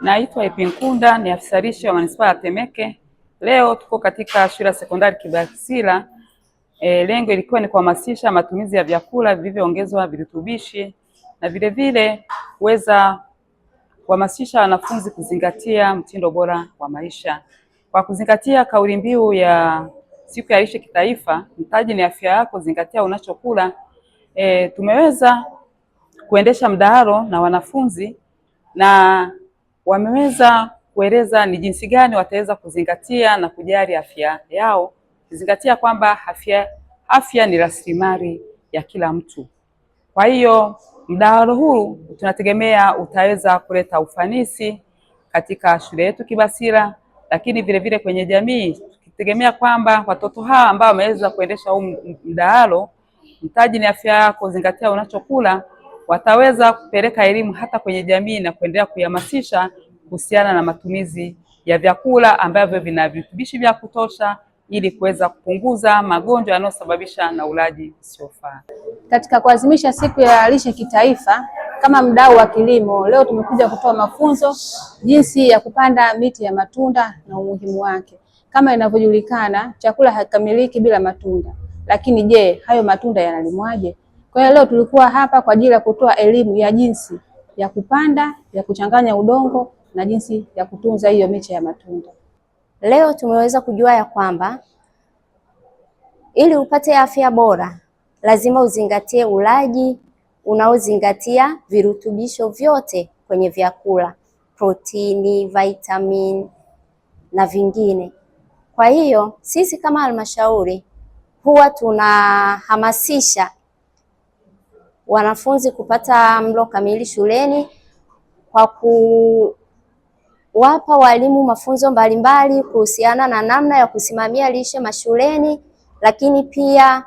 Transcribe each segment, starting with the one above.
Naitwa Ipinkunda ni afisa lishe wa manispaa ya Temeke. Leo tuko katika shule ya sekondari Kibasila. E, lengo ilikuwa ni kuhamasisha matumizi ya vyakula vilivyoongezwa virutubishi na vilevile kuweza kuhamasisha wanafunzi kuzingatia mtindo bora wa maisha kwa kuzingatia kauli mbiu ya siku ya lishe kitaifa, mtaji ni afya yako, zingatia unachokula. E, tumeweza kuendesha mdahalo na wanafunzi na wameweza kueleza ni jinsi gani wataweza kuzingatia na kujali afya yao, kuzingatia kwamba afya, afya ni rasilimali ya kila mtu. Kwa hiyo mdahalo huu tunategemea utaweza kuleta ufanisi katika shule yetu Kibasira, lakini vile vile kwenye jamii, tukitegemea kwamba watoto hawa ambao wameweza kuendesha huu mdahalo Mtaji ni afya yako, zingatia unachokula, wataweza kupeleka elimu hata kwenye jamii na kuendelea kuihamasisha kuhusiana na matumizi ya vyakula ambavyo vina virutubishi vya kutosha ili kuweza kupunguza magonjwa yanayosababisha na ulaji usiofaa. Katika kuadhimisha siku ya lishe kitaifa, kama mdau wa kilimo, leo tumekuja kutoa mafunzo jinsi ya kupanda miti ya matunda na umuhimu wake. Kama inavyojulikana, chakula hakikamiliki bila matunda, lakini je, hayo matunda yanalimwaje? Kwa hiyo leo tulikuwa hapa kwa ajili ya kutoa elimu ya jinsi ya kupanda, ya kuchanganya udongo na jinsi ya kutunza hiyo miche ya matunda. Leo tumeweza kujua ya kwamba ili upate afya bora lazima uzingatie ulaji unaozingatia virutubisho vyote kwenye vyakula, protini, vitamin na vingine. Kwa hiyo sisi kama halmashauri huwa tunahamasisha wanafunzi kupata mlo kamili shuleni kwa ku wapa walimu mafunzo mbalimbali kuhusiana na namna ya kusimamia lishe mashuleni, lakini pia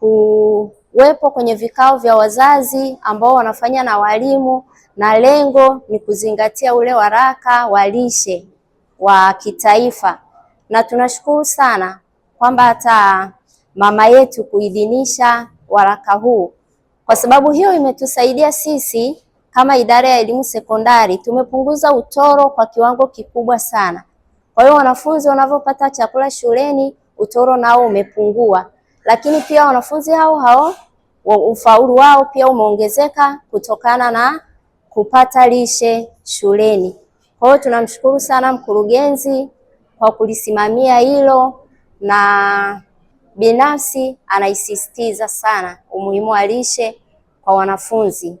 kuwepo kwenye vikao vya wazazi ambao wanafanya na walimu, na lengo ni kuzingatia ule waraka wa lishe wa kitaifa. Na tunashukuru sana kwamba hata mama yetu kuidhinisha waraka huu, kwa sababu hiyo imetusaidia sisi kama idara ya elimu sekondari tumepunguza utoro kwa kiwango kikubwa sana. Kwa hiyo wanafunzi wanavyopata chakula shuleni, utoro nao umepungua, lakini pia wanafunzi hao hao ufaulu wao pia umeongezeka kutokana na kupata lishe shuleni. Kwa hiyo tunamshukuru sana mkurugenzi kwa kulisimamia hilo, na binafsi anaisisitiza sana umuhimu wa lishe kwa wanafunzi.